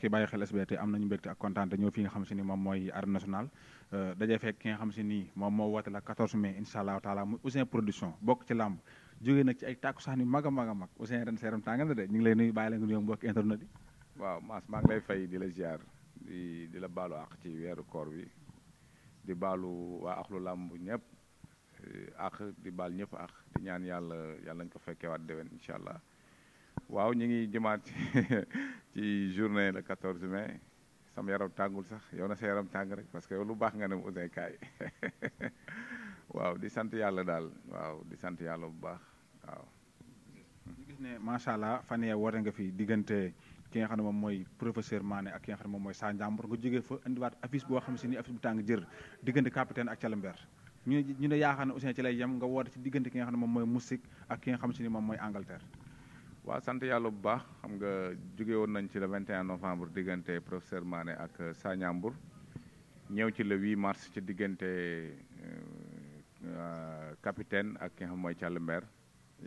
ki yi bàyyi xel SBT am nañu mbégte ak kontaan te ñëw fi nga xam si ni moom mooy arène nationale euh, dajee fekk ki xam si ni moom moo woote la 14 mai incha allahu taala muy Ouzin production bokk ci làmb jógee nag ci ay tàkkusaan yu mag a mag a mag Ouzin ren seeram tànga na de ñu ngi lay nuyu bàyyi la nga nuyu mbokki internet yi waaw Mass maa ngi lay fay di la ziar di di la baalu àq ci weeru koor wi di baalu waa axlu làmb ñëpp eh, àq di baal ñëpp ak di ñaan yàlla yàlla nañ ko fekkeewaat déwén incha allah waaw ñu ngi jëmaat ci journée le 14 mai sama yaram tàngul sax yow na sa yaram tàng rek parce que lu baax nga ne Ouzin kaay waaw di sant yàlla daal waaw di sant yàlla bu baax waaw. ñu gis ne macha allah fan yee woote nga fi diggante boo xam si ni tàng jër diggante capitaine ak Calamber ñu ne ñu ne yaakaar nga woote ci diggante ki nga xam ne moom mooy musique ak ki nga xam si ni moom mooy Angleterre. waa sant yàlla bu baax xam nga jóge woon nañ ci le 21 novembre diggante professeur Mané ak euh, Sagna ñëw ci le 8 mars ci diggante euh, euh, capitaine ak ki xam mooy Thialy Mber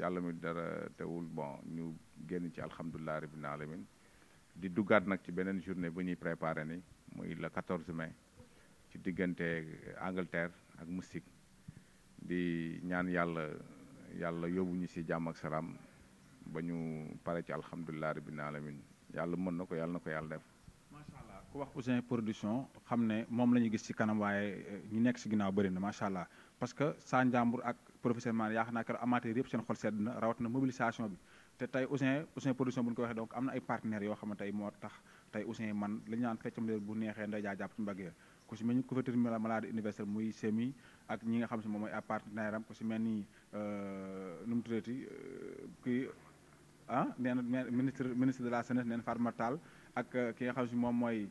yàlla mi dara teewul bon ñu génn ci alhamdulilah rabbil alamin di duggaat nag ci beneen journée bu ñuy préparé ni muy le 14 mai ci diggante Angleterre ak Moustique di ñaan yàlla yàlla yóbbu ñu si jàmm ak salaam ba ñu pare ci alhamdulilah rabbil alamin yàlla mën na ko yàlla na ko yàlla def. macha allah ku wax Ouzin production xam ne moom la ñu gis ci kanam waaye eh, ñu nekk ci ginnaaw bëri na macha allah parce que saa njàmbur ak professionnellement yaakaar naa keroog amateur yëpp seen xol sedd na rawatina mobilisation bi. te tey Ouzin Ouzin production bu am na ay partenaires yoo xam ne tey moo tax tey Ouzin man li naan feccam neexee nday jaa jàpp ci mbagg ku si mel ak nga xam si moom mooy ay partenaire am ku si mel ni euh, nu mu euh, ah nee na ministre ministre de la jeunesse neen Fatma Tall ak euh, ki xam si moom mooy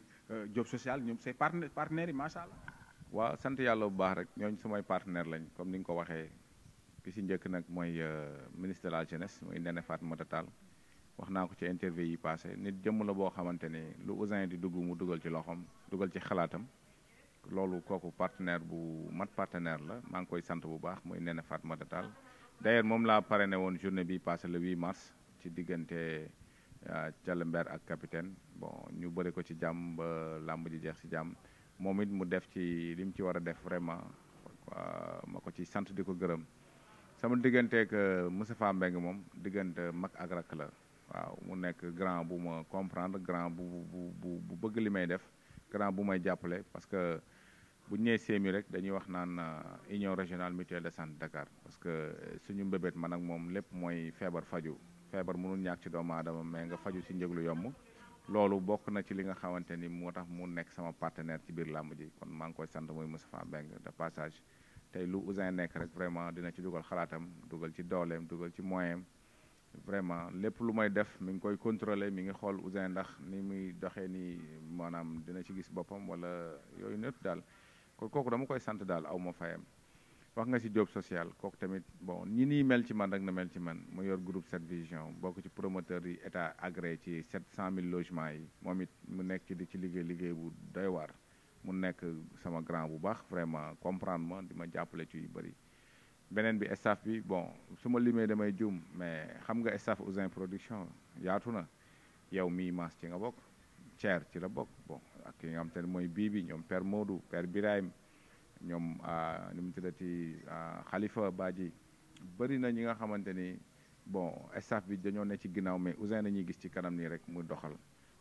job euh, social ñoom say partenaires partenaires yi macha allah. waaw sant yàlla bu baax rek ñooñu samay partenaire lañ comme ni nga ko waxee ki si njëkk nag mooy euh, ministre de la jeunesse mooy Néné Fatoumata Tall wax naa ko ci interview yi passé nit jëmm la boo xamante ni lu Ousin di dugg mu dugal ci loxoom dugal ci xalaatam loolu kooku partenaire bu mat partenaire la maa ngi koy sant bu baax mooy Néné Fatoumata Tall d'ailleurs moom laa parrainé woon journée bi passé le 8 mars ci diggante Calamber euh, ak capitaine bon ñu bëri ko ci jàmm ba làmb ji jeex ci jàmm moom it mu def ci li mu ci war a def vraiment ma ko ci sant di ko gërëm sama digganteeg euh, Moustapha Mbengue moom diggante mag ak rakk la waaw mu nekk grand bu ma comprendre grand bu bu bu bëgg li may def grand bu may jàppale parce que bu ñu nee seemi rek dañuy wax naan euh, union régionale mutuelle de sant Dakar parce que suñu mbébét man ak moom lépp mooy feebar faju feebar mënul ñàkk ci doomu aadama mais nga faju ci njëglu yomb loolu bokk na ci li nga xamante ni moo tax mu nekk sama partenaire ci biir làmb ji kon maa ngi koy sant muy Moustapha Mbengue de passage tey lu Ousin nekk rek vraiment dina ci dugal xalaatam dugal ci dooleem dugal ci moyen vraiment lépp lu may def mi ngi koy contrôler mi ngi xool Ousin ndax ni muy doxee nii maanaam dina ci gis boppam wala yooyu nëpp daal kon kooku dama koy sant daal aw ma fayam wax nga si job social kooku tamit bon ñi nii mel ci man rek na mel ci man mu yor groupe 7 vision bokk ci promoteur yi état agréé ci 700000 logements yi moom it mu nekk ci di ci liggéey liggéey bu doy waar mu nekk sama grand bu baax vraiment comprendre ma di ma jàppale ci yu bëri. beneen bi staff bi bon su ma limee damay juum mais xam nga staff Ouzin production yaatu na yow mi maas ci nga bokk Thier ci la bokk bon ak ki nga xam te ne mooy bii bi ñoom Père ñoom ah, nu mu tuddati ah, Khalifa Badji bëri na ñi nga xamante ni bon staff bi dañoo ne ci ginnaaw mais Ouzin nañuy gis ci kanam nii rek mu doxal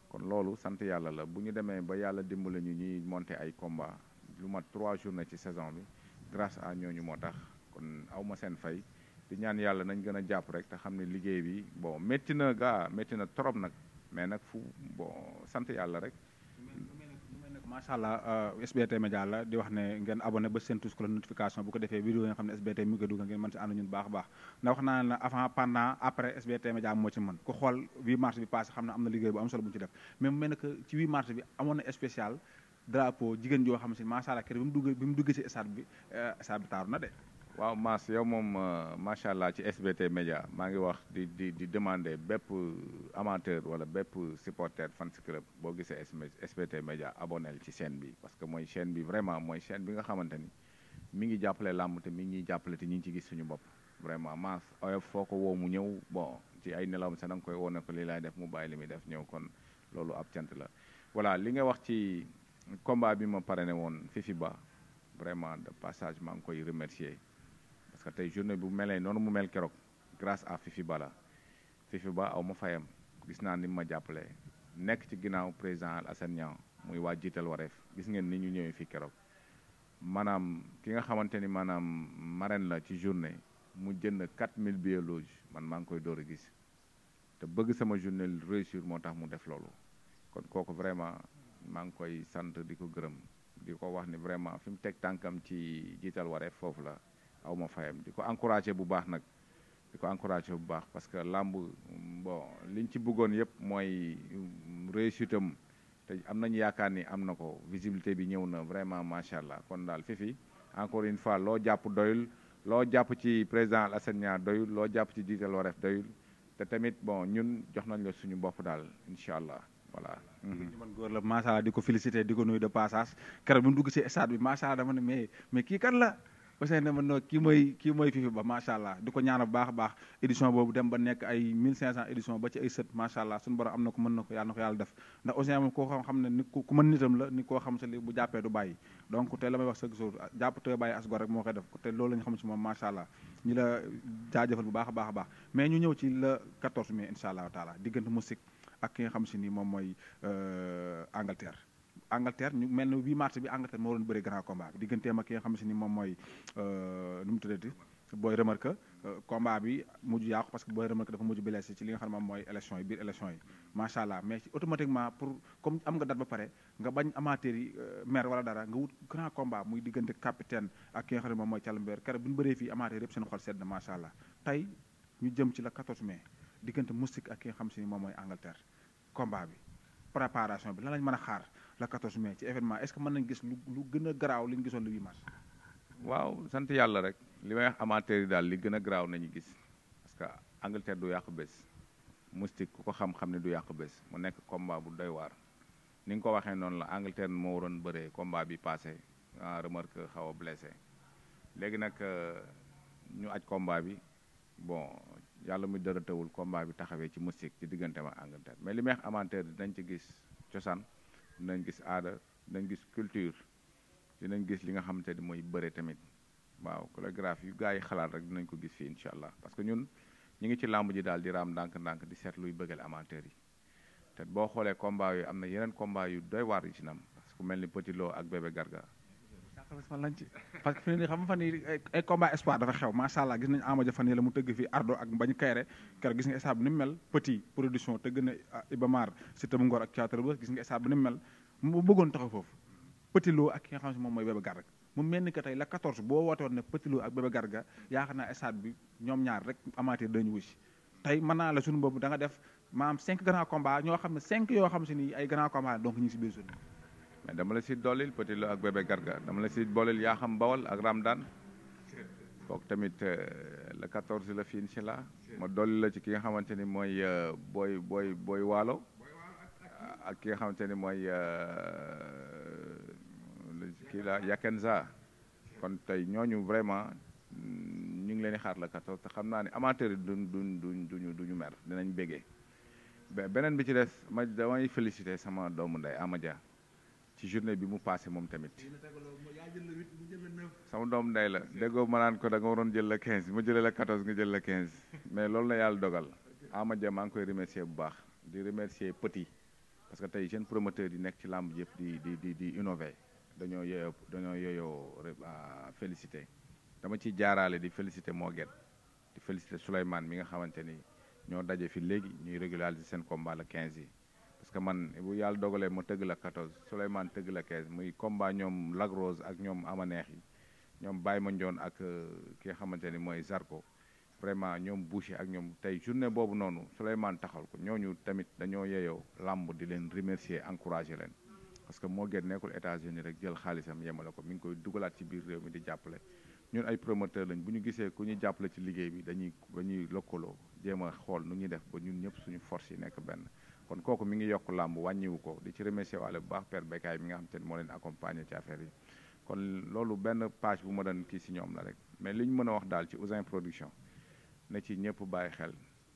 kon loolu sant yàlla la bu ñu demee ba yàlla dimbali ñu ñuy monter ay combat lu mat trois na ci saison bi grâce à ñooñu moo tax kon awma seen fay di ñaan yàlla nañ gën a jàpp rek te xam ne liggéey bi bon métti na gaa métti na trop nag mais nag fu bon sant yàlla rek macha allah euh, SBT Média la di wax ne ngeen abonné ba seen tous notification bu ko defee vidéo yi nga xam ne SBT mi ngi koy ngeen mën si ànd ñun baax baax ndax wax naa ne avant pendant après SBT Média moo ci mën ku xool 8 mars bi passé xam ne am na liggéey bu am solo bu ñu ci def mais mu ci 8 mars bi amoon na spécial drapeau jigéen joo xam si macha allah kër bi mu duggee bi mu duggee si stade bi euh, stade bi taaru na de waaw Mass yow moom euh, macha allah ci SBT Média maa ngi wax di di di demander bépp euh, amateur wala bépp supporter fan club boo gisee SBT Média abonel ci seen bi parce que mooy chaîne bi vraiment mooy chaîne bi nga xamante ni mi ngi jàppale làmb te mi ngi ñuy jàppale te ñu ngi ci gis suñu bopp vraiment Mass oyof foo ko woo mu ñëw bo ci ay nelawam sax na nga koy woo ne ko lii laay def mu bàyyi li muy def ñëw kon loolu ab cant la voilà li nga wax ci combat bi ma pare ne woon Fifi Ba vraiment de passage maa ngi koy remercier parce que tey journée bu melee noonu mu mel keroog grâce à Fifi Ba la Fifi Ba aw ma fayam gis naa ni ma jàppale nekk ci ginnaaw président Assane Niang muy jiital wareef gis ngeen ni ñu ñëwee fii keroog maanaam ki nga xamante ni maanaam marraine la ci journée mu jënd 4000 billets loge man maa ngi koy door a gis te bëgg sama journée réussir moo tax mu def loolu kon kooku vraiment maa ngi koy sant di ko gërëm di ko wax ni vraiment fi mu teg tànkam ci jiital wareef foofu la aw ma fayam di ko encouragé bu baax nag di ko encouragé bu baax parce que làmb bon liñ ci bëggoon yëpp mooy mm, réussite am te am nañu yaakaar ni am na ko visibilité bi ñëw na vraiment macha allah kon daal fifi encore une fois loo jàpp doyul loo jàpp ci président Alassane Niang doyul loo jàpp ci jiital wareef doyul te tamit bon ñun jox nañ la suñu bopp daal incha allah voilà. ñu di ko féliciter di ko nuyu de passage keroog bi mu dugg si stade bi macha allah Ousseynou ne ma non kii mooy kii mooy Fifi Ba macha allah di ko ñaanal bu baax a baax édition boobu dem ba nekk ay 1500 édition ba ci ay sët macha allah suñu borom am na ko mën na ko yàlla na ko yàlla def ndax Ousseynou moom koo xam xam ne nit ku mën xam sa loolu ñu xam moom macha allah ñi la jaajëfal bu baax a baax a baax mais ñu ñëw ci le 14 mai incha allah taala diggante musique ak ki nga xam si ni moom mooy euh, Angleterre Angleterre ñu mel ne 8 mars bi Angleterre moo doon bëri grand combat digganteem ak ki nga xam si ni moom euh, mu tuddati euh, bi parce que booy remarque dafa mujj blessé nga xam ne moom mooy élection yi biir élection yi macha allah mais ci automatiquement pour comme am nga date ba pare nga euh, nga wut grand combat muy diggante capitaine ak ki xam moom mooy Calumbeer keroog bu ñu bëree fii amateur yëpp seen xol sedd ñu jëm ci la 14 mai diggante Moustique xam si ni moom mooy Angleterre combat bi préparation bi lan lañ mën a xaar le 14 mai ci événement est-ce que mën nañ gis lu lu gën a garaaw li ñu gisoon le 8 waaw sant yàlla rek li may wax yi daal li gën a garaaw nañu gis parce que Angleterre du yàq bés Moustique ku ko xam-xam ne du yàq bés mu nekk combat bu doy waar ni nga ko waxee noonu la Angleterre moo waroon bëree combat bi passé en ah, remarque xaw a léegi nag euh, ñu aj combat bi bon yàlla muy dërëtawul combat bi taxawee ci Moustique ci diggante ma Angleterre mais li may wax dañ ci gis cosaan. nañ gis aada dinañ gis culture dinañ gis li nga xamante ni mooy bëre tamit waaw chorégraphe yu gars yi xalaat rek dinañ ko gis fii incha allah parce que ñun ñu ngi ci làmb ji daal di raam ndànk-ndànk di seet luy bëggal amateur yi te boo xoolee combat yu am na yeneen combat yu doy waar yu ci nam parce ku mel ni Petit loo ak Bébé Garga man lañ ci parce que fi ne xam nga fan yii ay combat espoir dafa xew macha allah gis nañu Ama fan yii la mu tëgg fii Ardo ak Mbañ Kayre keroog gis nga stade ni mel ah, mu mu bëggoon taxaw foofu petit ak ki xam ne moom mooy Bébé Garga mu mel ni tey la 14 boo woote woon ne petit ak Bébé Garga yaakaar naa stade bi ñoom ñaar rek amaatee dañu wusi tey mën naa boobu da nga def maanaam 5 grands combats ñoo xam ne 5 yoo xam si ni ay grands combats donc ñu mais dama la si dollil Petit Lo ak bébé Garga dama la si boolil yaa xam bawal ak Ramdan kooku tamit euh, le 14 la fi incha allah ma dolli la ci ki nga xamante ni mooy euh, booy booy booy waalo ak ki nga xamante ni mooy euh, kii la Yakenza kon tey ñooñu vraiment mm, ñu ngi leen di xaar le 14 te xam naa ne amateur du duñ duñ duñ duñu duñu mer dinañ béggee beneen bi ci des ma damay félicité sama doomu ndey Amadia ci journée bi mu passé moom tamit sama doom nday la déggoo ma naan ko da waroon jël la 15 ma jëlee la 14 nga jël la 15 mais loolu la yàlla dogal Ama Dia maa ngi koy remercier bu baax di remercier petit parce que tey jeune promoteur yi nekk ci làmb yëpp di di di di innové dañoo yooyo dañoo yooyoo euh, félicité dama ci jaaraale di félicité moo Moguet di félicité Souleymane mi nga xamante ni ñoo daje fi léegi ñuy régulariser seen combat la 15 yi parce que man bu yàlla dogalee ma tëgg la 14 Souleymane tëgg la 15 muy combat ñoom lagrose ak ñoom neex yi ñoom bàyyi Baye Mandione ak euh, ki nga xamante ni mooy Zarko vraiment ñoom Boucher ak ñoom tey journée boobu noonu Souleymane taxal ko ñooñu tamit dañoo yeyoo làmb di leen remercier encourager leen parce que moo gën nekkul États-Unis rek jël xaalisam yemale ko mi ngi koy dugalaat ci biir réew mi di jàppale ñun ay promoteur lañ bu ñu gisee ku ñu jàppale ci liggéey bi dañuy dañuy lëkkaloo jéem a xool nu ñuy def ba ñun ñëpp suñu force yi nekk benn kon kooku mi ngi yokk làmb wàññiwu ko di ci remercier waale bu baax per Bécaye mi nga xam te ne moo leen accompagner ci affaire yi kon loolu benn page bu ma doon kii si ñoom la rek mais li ñu mën a wax daal ci Ouzin Production na ci ñëpp bàyyi xel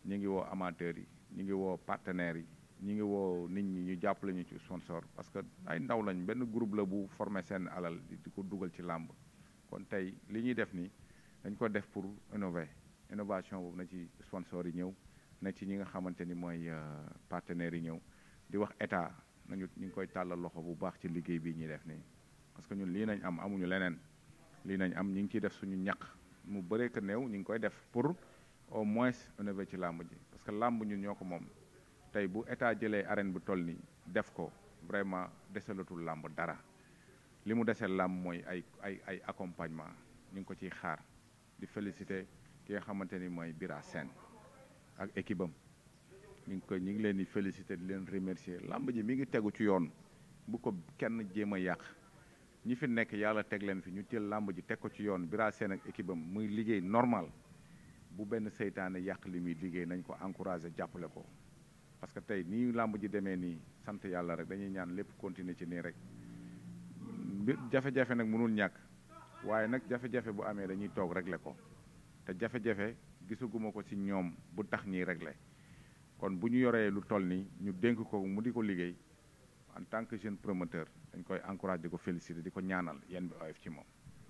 ñu ngi woo amateurs yi ñu ngi woo partenaires yi ñu ngi woo nit ñi ñu jàppale ñu ci sponsor parce que ay ndaw lañ benn groupe la bu formé seen alal di ko dugal ci làmb kon tey li ñuy def nii dañ ko def pour innover innovation boobu na ci sponsor yi ñëw na ci ñi nga xamante ni mooy euh, partenaires yi ñëw di wax état nañu ñu ngi koy tàllal loxo bu baax ci liggéey bii ñuy def nii parce que ñun lii nañ am amuñu leneen lii nañ am ñu ngi ciy def suñu ñaq mu bëree que ñu ngi koy def pour au moins élever ci làmb ji parce que làmb ñu ñoo ko moom tey bu état jëlee arène bu toll nii def ko vraiment deselatul làmb dara li mu desee làmb mooy ay ay ay accompagnement ñu ngi ko ciy xaar di félicité ki nga xamante ni mooy Bira Sène ak équipe ñu ngi koy ñu ngi leen di féliciter di leen remercier làmb ji mi ngi tegu ci yoon bu ko kenn jéem a yàq ñi fi nekk yàlla teg leen fi ñu jël làmb ji teg ko ci yoon Bira Sène ak équipe muy liggéey normal bu benn seytaane yàq li muy liggéey nañ ko encourager jàppale ko parce que tey nii làmb ji demee nii sant yàlla rek dañuy ñaan lépp continuer ci nii rek jafe-jafe nag mënul ñàkk waaye nag jafe-jafe bu amee dañuy toog régler ko te jafe-jafe gisaguma ko ci ñoom bu tax ñuy régler kon bu ñu yoree lu toll nii ñu dénk ko mu di ko liggéey en tant que jeune promoteur dañ koy encouragé di ko féliciter di ko ñaanal yan bi oyof ci moom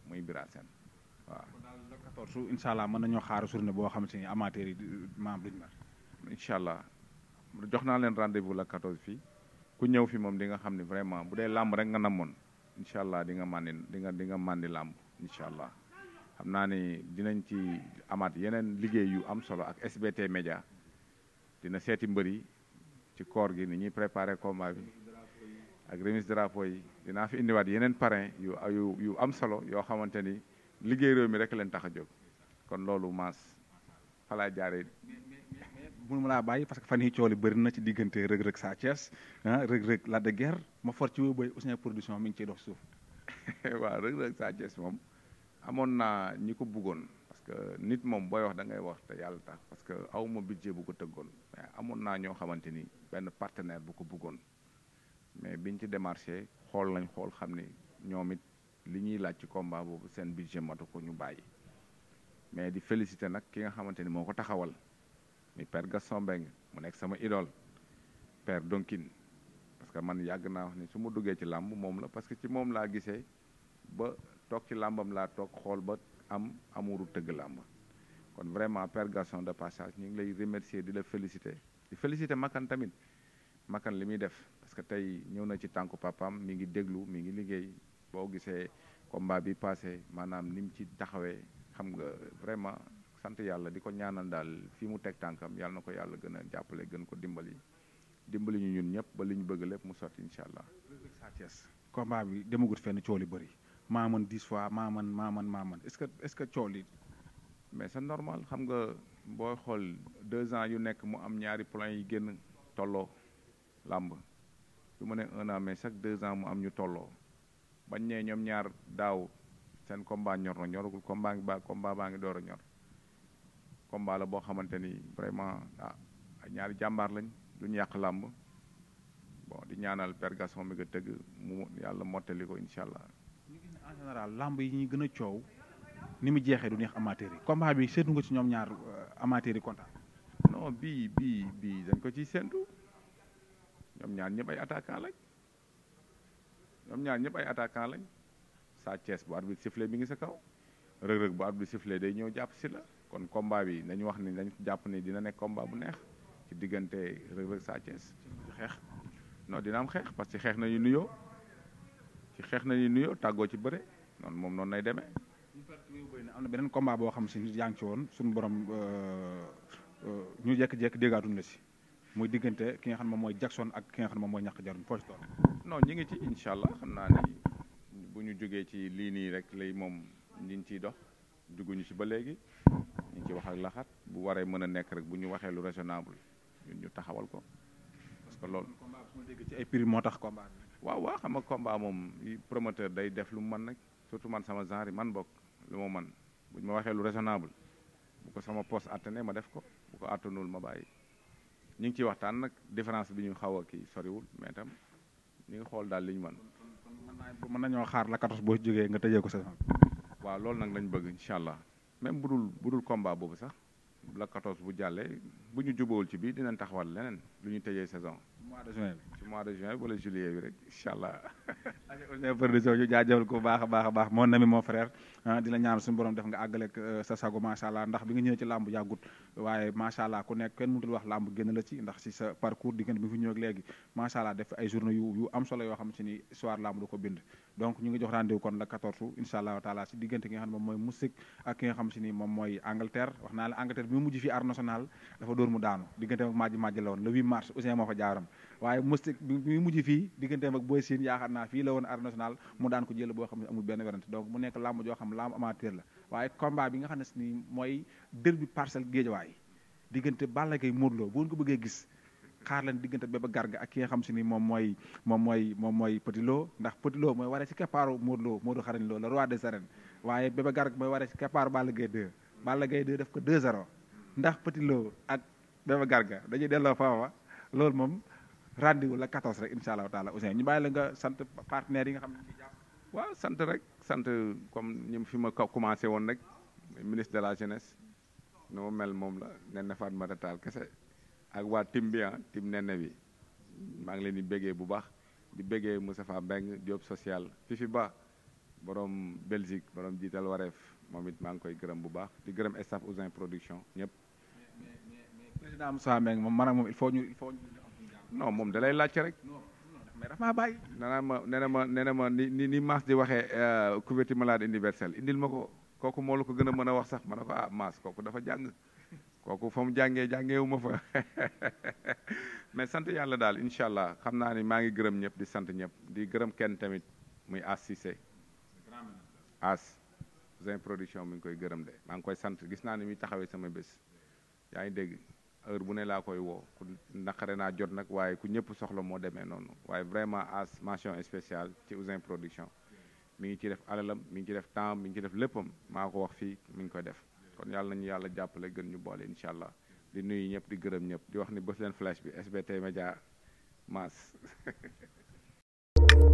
muy Bira Sène waaw. daal le 14 incha allah mën nañoo xaar journée boo xamante ni amateurs yi membre duñu na incha allah jox naa leen rendez-vous le 14 fii ku ñëw fi moom di nga xam ne vraiment bu dee làmb rek nga namoon incha allah di nga màndi di nga di nga màndi làmb incha allah. xam naa ni dinañ ci amaat yeneen liggéey yu am solo ak SBT Média dina seeti mbër yi ci koor gi ni ñuy préparé combat bi ak remise drapeau yi dinaa fi indiwaat yeneen parrain yu yu yu am solo yoo xamante ni liggéey réew mi rek leen tax a jóg kon loolu maas falaa jaaree. mënu ma laa bàyyi parce que fan yii coow li bëri na ci diggante rëg-rëg Sa Thiès ah rëg-rëg Lac de ma for ci wéy booy Ouzin Production mi ngi ciy dox suuf. waaw rëg-rëg Sa Thiès moom. amoon naa ñi ko buggoon parce que nit moom booy wax da ngay wax te yàlla tax parce que aw ma budget bu ko tëggoon mais amoon naa ñoo xamante ni benn partenaire bu ko buggoon mais biñ ci démarché xool nañ xool xam ni ñoom it li ñuy laaj ci combat boobu seen budget matu ko ñu bàyyi mais di félicité nag ki nga xamante ni moo ko taxawal mi per Gaston Mbengue mu nekk sama idole père Donkin parce que man yàgg naa wax ni su ma duggee ci làmb moom la parce que ci moom laa gisee ba. toog ci làmbam laa toog xool ba am amuru tëgg làmba kon vraiment Père Gaston de passage ñu ngi lay remercier di la féliciter di féliciter Makan tamit Makan li muy def parce que tey ñëw na ci tànk papam mi ngi déglu mi ngi liggéey boo gisee combat bi passé maanaam ni mu ci taxawee xam nga vraiment sant yàlla di ko ñaanal daal fi mu teg tànkam yàlla na ko yàlla gën a jàppale gën ko dimbali dimbali ñu ñun ñëpp ba li ñu bëgg lépp mu sotti incha allah. Sa Thiès bi demagut fenn coow li bëri. maa mën dix fois maa mën maa mën maa mën est-ce que est-ce que coow li mais c'est normal xam nga booy xool deux ans yu nekk mu am ñaari plan yi génn tolloo làmb su ma ne un an mais chaque deux ans mu am ñu tolloo bañ ne ñoom ñaar daaw seen combat ñor na ñoragul combat ngi ba combat baa ngi door a ñor combat la boo xamante ni vraiment ah ñaari jàmbaar lañ duñu yàq làmb bon di ñaanal Père Gaston mi nga tëgg mu yàlla mottali ko incha allah en général lamb yi ñuy gën a coow ni mu jeexee du neex amateur yi combat bi seetu nga ci ñoom ñaar euh, amateur yi kontaan. non bii bii dañ ko ciy séntu ñoom ñaar ñëpp ay attaquant lañ ñoom ñaar ñëpp ay attaquant lañ Sa Thiès bu mi ngi sa kaw Reug Reug bu arbitre sifflé day ñëw jàpp si la kon combat bi nañu wax ni dañ jàpp ni dina nekk combat bu neex ci diggante Reug Reug Sa Thiès xeex non dina am xeex parce que xeex nañu nuyoo. ci xeex na ni nuyoo tàggoo ci bëre noonu moom noonu nay demee. am na beneen combat boo xam si nit yaa ngi ci woon suñu borom euh, euh, ñu jékki-jékki déggaatuñ na si muy diggante ki nga xam ne moom mooy Jackson ak ki nga xam ne moom mooy ñàkk jaruñ foo ci toll. non ngi ci incha xam naa ni bu ñu jógee ci lii nii rek lay moom ñu ngi ciy dox juguñu si ba léegi ñu ngi ci wax ak laxaat bu waree mën a nekk rek bu ñu waxee lu raisonnable ñun ñu taxawal ko parce que loolu. combat bi ay prix moo tax combat waaw waaw xam nga combat moom promoteur day def lu mu mën nag surtout man sama genre yi man bokk lu ma mën bu ñu ma waxee lu raisonnable bu ko sama poste attene ma def ko bu ko attanul ma bàyyi ñu ngi ciy waxtaan nag différence bi ñu xaw a kii soriwul mais tam ñu ngi xool daal li ñu mën. mën nañoo xaar la 14 boo jógee nga tëjee ko saison waaw loolu nag lañ bëgg incha allah même bu dul bu dul combat boobu sax la 14 bu jàllee bu ñu jubawul ci biir dinañ taxawal leneen lu ñuy tëjee saison. mois de juin bi ci mois de juin wala juillet bi rek incha allah aja production ñu jaajëfal ko baax a baax a baax mon ami mon frère ah, di la ñaan suñu borom def nga àggaleeg euh, sa sago macha allah ndax bi nga ñëwee ci làmb yàggut waaye macha allah ku nekk kenn mënutul wax lamb génn la ci ndax si sa parcours diggante bi fi ñëw ak léegi macha allah def ay journée yu yu am solo yoo xam ci ni soir làmb du ko bind donc ñu ngi jox rendez-vous kon la 14 incha allahu taala si diggante ki nga xam ne moom mooy musik ak ki nga xam si ni moom mooy Angleterre wax naa la Angleterre bi mu mujj fii Arène Nationale dafa dóor mu daanu diggante ak Madji Madji la woon le 8 mars Ousseyn moo naa fii la woon Arène Nationale mu daan ko jël boo xam ne amul benn werante donc mu nekk lamb joo xam lamb amateur la waaye combat bi nga xam ne si ni mooy derby Parcelles Guédiawaye diggante Balla Gaye Modou Lo bu bëggee gis xaar leen diggante Bébé Garga ak ki nga xam si ni moom mooy moom mooy moom mooy Petit Lo ndax Petit Lo mooy waree si keppaaru Modou Lo Modou xarañ Lo le roi des arènes waaye Bébé Garga mooy waree si keppaaru Balla Gaye 2 Balla Gaye 2 def ko 2-0 ndax Petit Lo ak Bébé Garga dañuy delloo faafa ah, loolu moom rendez-vous la 14 rek incha allahu taala Ousseyn ñu bàyyi la nga sant partenaires yi nga xam ne ñu jàpp rek sant comme ñi fi ma commencé woon rek ministre de la jeunesse nu mel moom la nen na ma Taal kese ak waa tim bi ah tim nenne bi maa ngi leen di béggee bu baax di béggee Moustapha Mbeng Diop social Fifi Ba borom Belgique borom jiital wareef moom it maa ngi koy gërëm bu baax di gërëm staff Ouzin production ñëpp. président Moussa Mbeng moom man ak moom il faut ñu il faut ñu. non moom dalay laajte rek. mais dafa maa bàyyi. ma nee ma nee ma ni ni ni Mass di waxee euh, couverture maladie universelle indil ma ko kooku moo la ko gën a mën a wax sax ma ne ko ah Mass kooku dafa jàng. kooku fa mu jàngee jàngeewu ma fa mais sant yàlla daal incha allah xam naa ni maa ngi gërëm ñëpp di sant ñëpp di gërëm kenn tamit muy As Cissé As Zain production mi ngi koy gërëm de maa ngi koy sant gis naa ni muy taxawee sama bés yaa ngi dégg heure bu ne laa koy woo ku naqare naa jot nag waaye ku ñëpp soxla moo demee noonu waaye vraiment As mention spéciale ci Ouzin production mu ngi ci def alalam mi ngi ci def temps mi ngi ci def léppam maa ko wax fii mi ngi koy def kon yàlla nañu yàlla jàppale gën ñu boole incha allah di nuyu ñëpp di gërëm ñëpp di wax ni bës leen flash bi SBT Média Mass